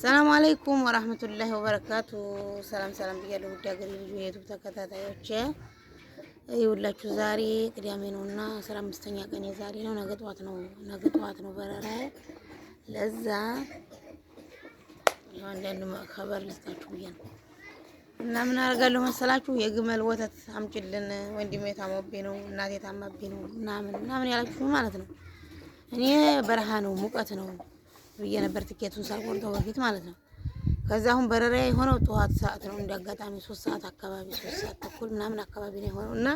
ሰላም አለይኩም ወራህመቱላሂ ወበረካቱ። ሰላም ሰላም ብያለሁ። ውድ ሀገሬ ልጅ የዩቱብ ተከታታዮች ይኸውላችሁ ዛሬ ቅዳሜ ነውና አስራ አምስተኛ ቀን የዛሬ ነው። ነገ ጠዋት ነው ነገ ጠዋት ነው በረራ። ለዛ አንዳንድ ከበር ልስጣችሁ ብዬ ነው እና ምን አደርጋለሁ መሰላችሁ የግመል ወተት አምጭልን ወንድሜ ታሞብኝ ነው እናቴ ታማቤ ነው ምናምን ምናምን ያላችሁ ማለት ነው። እኔ በረሃ ነው ሙቀት ነው ብዬ ነበር ትኬቱን ሳልቆርጠው በፊት ማለት ነው። ከዛ አሁን በረራ የሆነው ጠዋት ሰዓት ነው እንደ አጋጣሚ ሶስት ሰዓት አካባቢ ሶስት ሰዓት ተኩል ምናምን አካባቢ ነው የሆነው እና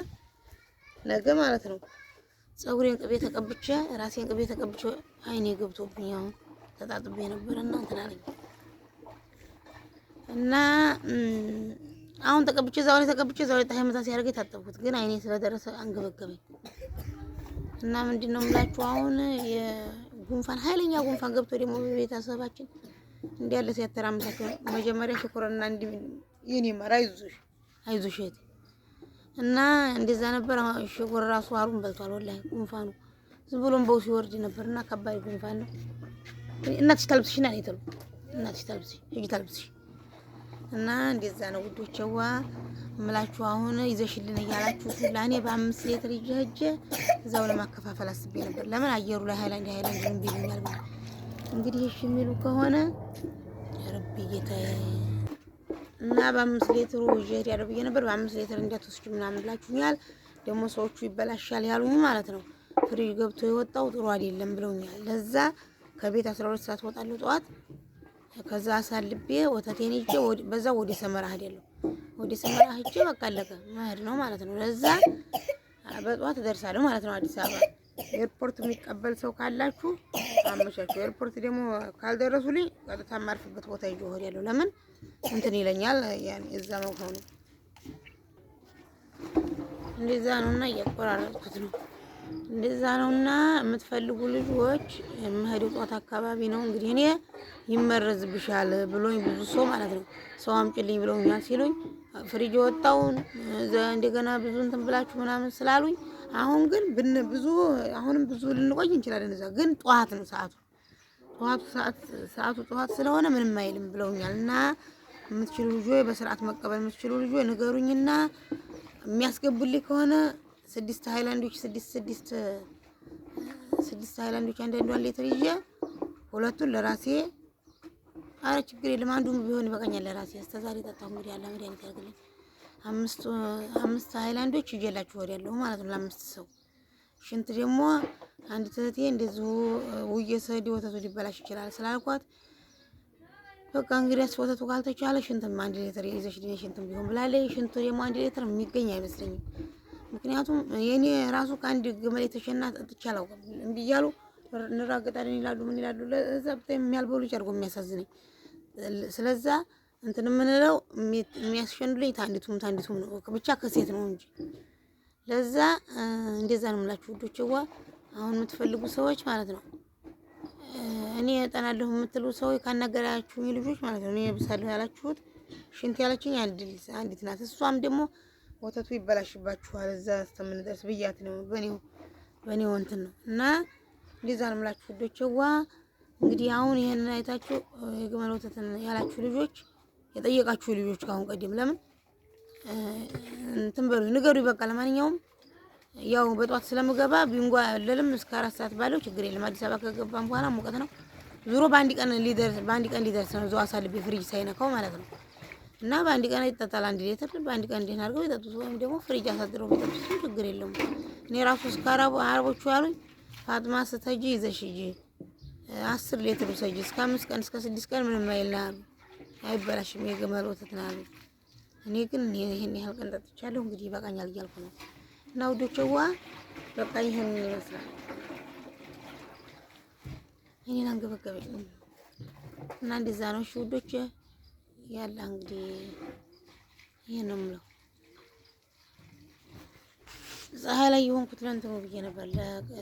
ነገ ማለት ነው ፀጉሬን ቅቤ ተቀብቼ ራሴን ቅቤ ተቀብቼ አይኔ ገብቶብኝ አሁን ተጣጥቤ ነበር እና እንትን አለኝ እና አሁን ተቀብቼ እዛው ላይ ተቀብቼ እዛው ላይ ፀሐይ መታ ሲያደርግ የታጠብኩት ግን አይኔ ስለደረሰ አንገበገበኝ እና ምንድን ነው የምላችሁ አሁን ጉንፋን ኃይለኛ ጉንፋን ገብቶ ደግሞ ቤተሰባችን እንዲህ ያለ ሲያተራምሳቸው መጀመሪያ ሽኩርና እንዲ ይኔ መራ አይዞሽ አይዞሽ እህቴ እና እንደዛ ነበር። ሽኩር ራሱ አሩን በልቷል። ወላሂ ጉንፋኑ ዝም ብሎም በው ሲወርድ ነበር እና ከባድ ጉንፋን ነው። እናትሽ ታልብስሽ ና ነው የተሉ እናትሽ ታልብስሽ እጅ ታልብስሽ እና እንደዛ ነው ውዶችዋ እምላችሁ አሁን ይዘሽልን እያላችሁ ላኔ በአምስት ሌትር ይዤ ሂጅ እዛው ለማከፋፈል አስቤ ነበር። ለምን አየሩ ላይ ሀይላንድ ሀይላንድ ዝም ቢሉኛል። እንግዲህ እሺ የሚሉ ከሆነ ረቢ ጌታ እና በአምስት ሌትሩ ይዤ ሄዳለሁ ብዬ ነበር። በአምስት ሌትር እንዳትወስጂ ምናምን ብላችሁኛል። ደግሞ ሰዎቹ ይበላሻል ያሉ ማለት ነው። ፍሪጅ ገብቶ የወጣው ጥሩ አይደለም ብለውኛል። ለዛ ከቤት አስራ ሁለት ሰዓት ወጣለሁ ጠዋት ከዛ አሳልቤ ወተቴን ይዤ በዛ ወደ ሰመራ ሄዳለሁ። ወደ ሰመራ ሄጄ በቃ አለቀ መሄድ ነው ማለት ነው። ለዛ በጠዋት ደርሳለሁ ማለት ነው አዲስ አበባ። ኤርፖርት የሚቀበል ሰው ካላችሁ አመቻችሁ። ኤርፖርት ደግሞ ካልደረሱልኝ ቀጥታ የማርፍበት ቦታ ይዤ እሄዳለሁ። ለምን እንትን ይለኛል ያን እዛ መሆኑ እንደዛ እና እያቆራረጥኩት ነው። እንደዛ ነውና የምትፈልጉ ልጆች የምሄደው ጧት አካባቢ ነው እንግዲህ እኔ ይመረዝብሻል ብሎኝ ብዙ ሰው ማለት ነው ሰው አምጪልኝ ብለውኛል ሲሉኝ ፍሪጅ ወጣውን እንደገና ብዙ እንትን ብላችሁ ምናምን ስላሉኝ አሁን ግን ብን ብዙ አሁንም ብዙ ልንቆይ እንችላለን። እዛ ግን ጠዋት ነው ሰዓቱ ጠዋቱ ሰዓቱ ጠዋት ስለሆነ ምንም አይልም ብለውኛል። እና የምትችሉ ልጆች በስርዓት መቀበል የምትችሉ ልጆች ንገሩኝና የሚያስገቡልኝ ከሆነ ስድስት ሃይላንዶች ስድስት ስድስት ስድስት ሃይላንዶች አንዳንዷን ሌትር ይዤ ሁለቱን ለራሴ አረ ችግር የለም አንዱም ቢሆን ይበቃኛል ለራሴ እስከዛሬ ጠጣሁ። እንግዲህ አላ መድኃኒት ያርግልኝ። አምስቱ አምስት ሃይላንዶች ይዤላችሁ ወዲያለሁ ማለት ነው ለአምስት ሰው። ሽንት ደግሞ አንድ ትህቴ እንደዚሁ ውዬ ስሄድ ወተቱ ሊበላሽ ይችላል ስላልኳት በቃ እንግዲህ ወተቱ ካልተቻለ ሽንትም አንድ ሌትር ይዘሽ ሽንትም ቢሆን ብላለች። ሽንቱ ደግሞ አንድ ሌትር የሚገኝ አይመስለኝም። ምክንያቱም የኔ ራሱ ከአንድ ግመል የተሸና ጠጥቼ አላውቅም። እንዲህ እያሉ እንራገጣለን ይላሉ፣ ምን ይላሉ። ለዛ ብታ የሚያልበው ልጅ አድርጎ የሚያሳዝነኝ። ስለዛ እንትን የምንለው የሚያስሸንዱልኝ ታንዲቱም ታንዲቱም ነው፣ ብቻ ከሴት ነው እንጂ ለዛ እንደዛ ነው የምላችሁ ውዶችዋ። አሁን የምትፈልጉ ሰዎች ማለት ነው እኔ እጠናለሁ የምትሉ ሰው ካናገራችሁኝ ልጆች ማለት ነው እኔ ብሳለሁ ያላችሁት ሽንት ያለችኝ አንዲት ናት። እሷም ደግሞ ወተቱ ይበላሽባችኋል እዛ እስከምንደርስ ብያት ነው። በኔው በኔው እንትን ነው እና እንደዛ ነው የምላችሁ ውዶች። እንግዲህ አሁን ይሄንን አይታችሁ የግመል ወተትን ያላችሁ ልጆች የጠየቃችሁ ልጆች ከአሁን ቀደም ለምን እንትን በሉ ንገሩ። ይበቃ ለማንኛውም ያው በጧት ስለምገባ ቢንጓ ለለም እስከ አራት ሰዓት ባለው ችግር የለም። አዲስ አበባ ከገባን በኋላ ሙቀት ነው። ዙሮ በአንድ ቀን ሊደርስ በአንድ ቀን ሊደርስ ነው። ዘው አሳልቤ ፍሪጅ ሳይነካው ማለት ነው። እና በአንድ ቀን ይጠጣል። አንድ ሌትር በአንድ ቀን እንዴት አድርገው ይጠጡት፣ ወይም ደግሞ ፍሪጅ አሳድረው ቢጠጡት ችግር የለውም። እኔ ራሱ እስከ አረቦቹ ያሉኝ ፋጥማ ስተጂ ይዘሽ ሂጂ አስር ሌትር ውሰጂ፣ እስከ አምስት ቀን እስከ ስድስት ቀን ምንም አይልና አሉ፣ አይበላሽም የግመል ወተት ነው አሉ። እኔ ግን ይህን ያህል ቀን ጠጥቻለሁ፣ እንግዲህ ይበቃኛል እያልኩ ነው። እና ውዶችዋ በቃ ይህን ይመስላል። እኔን አንገበገበኝ እና እንደዛ ነው ውዶች። ያለ እንግዲህ ይህ ነው የምለው። ፀሐይ ላይ የሆንኩት ለእንትኑ ብዬ ነበር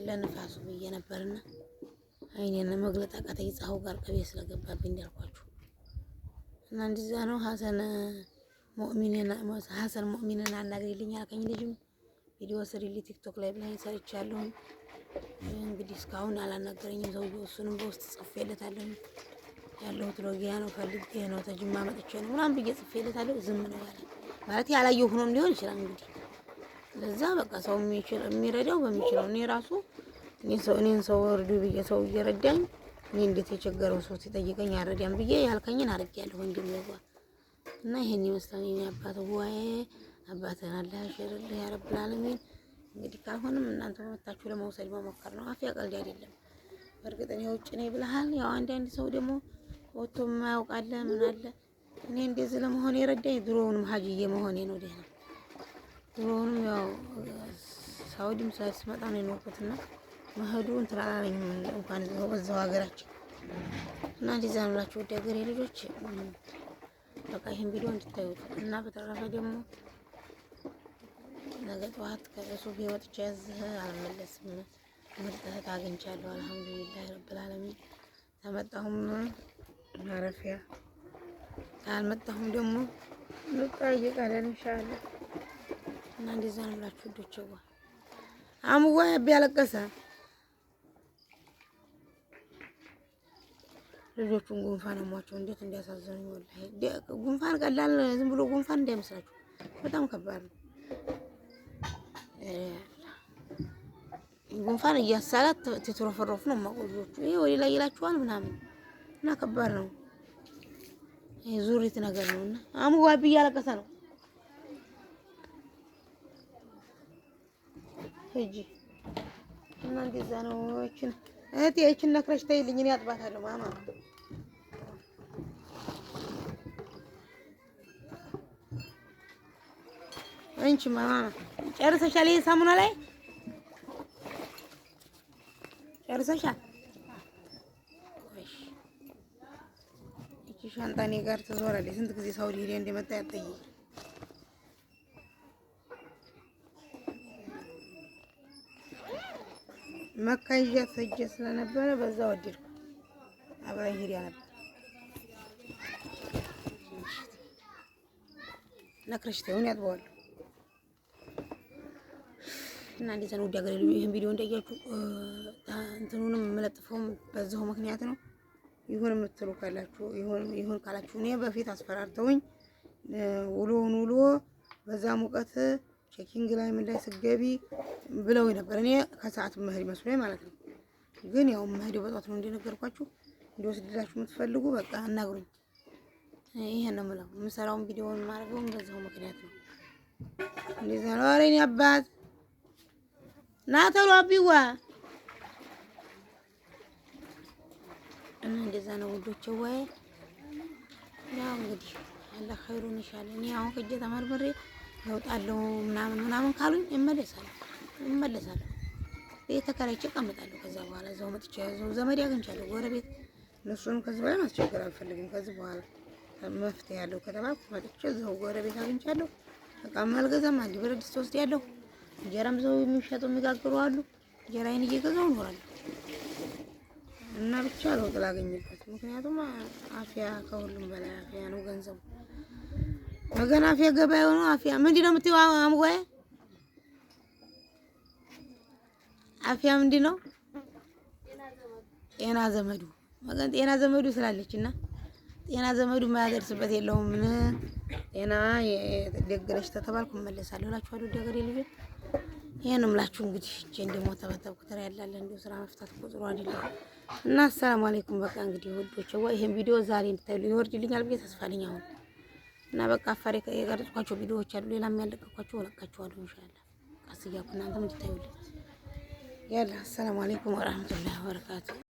ለንፋሱ ብዬ ነበርና አይኔን መግለጥ አቃተኝ። ፀሐዩ ጋር ቀቤ ስለገባብኝ እንዳልኳችሁ እና እንደዛ ነው። ሀሰን ሙእሚንና ሀሰን ሙእሚንና አናግሪልኝ አልከኝ። ልጅም ቪዲዮ ስሪልኝ ቲክቶክ ላይ ብለኸኝ ሰርቻለሁ። እንግዲህ እስካሁን አላናገረኝም ሰውዬው። እሱንም በውስጥ ጽፌለታለሁ። ያለሁት ሎጊያ ነው ፈልጌ ነው ተጅማ መጥቼ ነው ምናምን ብዬ ጽፌለታለሁ። ዝም ነው ያለ ማለት ያላየው ሆኖም ሊሆን ይችላል እንግዲህ ለዛ በቃ ሰው የሚችል የሚረዳው በሚችለው እኔ ራሱ እኔን ሰው እርዱ ብዬ ሰው እየረዳኝ እኔ እንዴት የቸገረው ሰው ሲጠይቀኝ አረዳም ብዬ ያልከኝን አድርጌያለሁ። ወንድም ለጓ እና ይሄን ይመስላል የእኔ አባት ጉባኤ አባትን አላህ ያሽርልህ ያረብል ዓለሚን። እንግዲህ ካልሆንም እናንተ መታችሁ ለመውሰድ መሞከር ነው። አፍ ያቀልድ አይደለም። በእርግጥ እኔ ውጭ ነኝ ብለሃል። ያው አንዳንድ ሰው ደግሞ ወጥቶ የማያውቃለ ምን አለ። እኔ እንደዚህ ለመሆን የረዳኝ ድሮውንም ሀጅዬ መሆኔ ነው። ደህና ድሮውንም ያው ሳውዲም ሳስመጣ ነው የኖርኩትና መሄዱ እንትን አላለኝም። እንኳን እዛው ሀገራችን እና እንደዛ ነው እላችሁ ወደ ሀገሬ ልጆች በቃ ይህን ቪዲዮ እንድታዩት እና በተረፈ ደግሞ ነገ ጠዋት ከሱብ ወጥቼ እዚህ አልመለስም። ምርጥ እህት አግኝቻለሁ። አልሐምዱሊላህ ረብል ዓለሚን ተመጣሁም ማረፊያ ካልመጣሁም ደግሞ ልጣ እየቀረን እንሻለን እና እንደዛ ነው ብላችሁ ዶችዋ አምዋ ያለቀሰ ልጆቹን ጉንፋን አሟቸው እንዴት እንዲያሳዘኑ ወላሂ። ጉንፋን ቀላል ዝም ብሎ ጉንፋን እንዳይመስላችሁ በጣም ከባድ ነው። ጉንፋን እያሳላት ትትረፈረፍ ነው ማቆ ልጆቹ ይሄ ላይ ይላችኋል ምናምን እና ከባድ ነው። ዙሪት ነገር ነው እና እያለቀሰ ነው እጂ እና እንደዛ ነው። እህቴ ነክረሽ ተይልኝ፣ እኔ አጥባታለሁ ማማ ማማ ጨርሰሻል? ይሄ ሳሙና ላይ ጨርሰሻል? ሻንጣ እኔ ጋር ትዞራለች። ስንት ጊዜ ሳውዲ ሄደ እንደመጣ ያጠይቅ መካ ይዣ ሂጄ ስለነበረ በዛ ወደድኩ። አብራኝ ሄዳ ነበር። ነክረሽታ ይሁን ያጥበዋል እና እንዴት ነው ውድ ሀገሬ፣ ይህን ቪዲዮ እንዳያችሁ እንትኑንም የምለጥፈውም በዛው ምክንያት ነው። ይሁን የምትሉ ካላችሁ ይሁን ካላችሁ፣ እኔ በፊት አስፈራርተውኝ ውሎውን ውሎ በዛ ሙቀት ቼኪንግ ላይ ምን ላይ ስገቢ ብለው ነበር። እኔ ከሰዓት መሄድ መስሎኝ ማለት ነው። ግን ያው መሄድ በጧት ነው እንደነገርኳችሁ። እንዲወስድላችሁ የምትፈልጉ በቃ አናግሩኝ። ይሄ ነው የምለው። የምሰራውን ቪዲዮውን ማድረገውን በዛው ምክንያት ነው። እንደዛ ነው። ኧረ እኔ አባት ናተሎ አቢዋ እና እንደዛ ነው ውዶች። ወይ ያው እንግዲህ አላህ ኸይሩን ይሻል። እኔ አሁን ከእጄ ተመርምሬ እወጣለሁ ምናምን ምናምን ካሉኝ እመለሳለሁ እመለሳለሁ ቤት ተከራይቼ እቀምጣለሁ። ከዛ በኋላ እዛው መጥቼ ያዘው ዘመድ አግኝቻለሁ፣ ጎረቤት እነሱን ከዚህ በላይ ማስቸገር አልፈልግም። ከዚህ በኋላ መፍትሄ ያለው ከተባልኩ መጥቼ እዛው ጎረቤት አግኝቻለሁ። በቃ አልገዛም። አንድ ብረት ድስት ወስድ ያለሁ እንጀራም እዛው የሚሸጡ የሚጋግሩ አሉ። እንጀራዬን እየገዛሁ እኖራለሁ። እና ብቻ ለውጥ ላገኝበት። ምክንያቱም አፍያ ከሁሉም በላይ አፍያ ነው ገንዘቡ። ወገን አፍያ ገበያ ሆኖ አፍያ ምንድን ነው የምትይው? አምጓዬ አፍያ ምንድን ነው? ጤና ዘመዱ ወገን ጤና ዘመዱ ስላለች እና ጤና ዘመዱ የማያደርስበት የለውም። ጤና ደግነሽ ተተባልኩ እመለሳለሁ እላችኋለሁ። ወደ ልጆች ይሄን እምላችሁ እንግዲህ እጄ እንደሞ ተበተብ ቁጥር ያላለ እንዲሁ ስራ መፍታት ቁጥሩ አይደለም እና አሰላሙ አለይኩም። በቃ እንግዲህ ወዶች ወይ ይሄን ቪዲዮ ዛሬ እንድታዩ ይወርድልኛል ብዬ ተስፋ አለኝ አሁን እና በቃ አፋሪ የቀረጽኳቸው ቪዲዮዎች አሉ፣ ሌላ ያለቀኳቸው እለቃችኋለሁ ኢንሻአላህ። ቀስ እያልኩ እናንተም እንድታዩልኝ ያለ አሰላሙ አለይኩም ወራህመቱላሂ ወበረካቱ።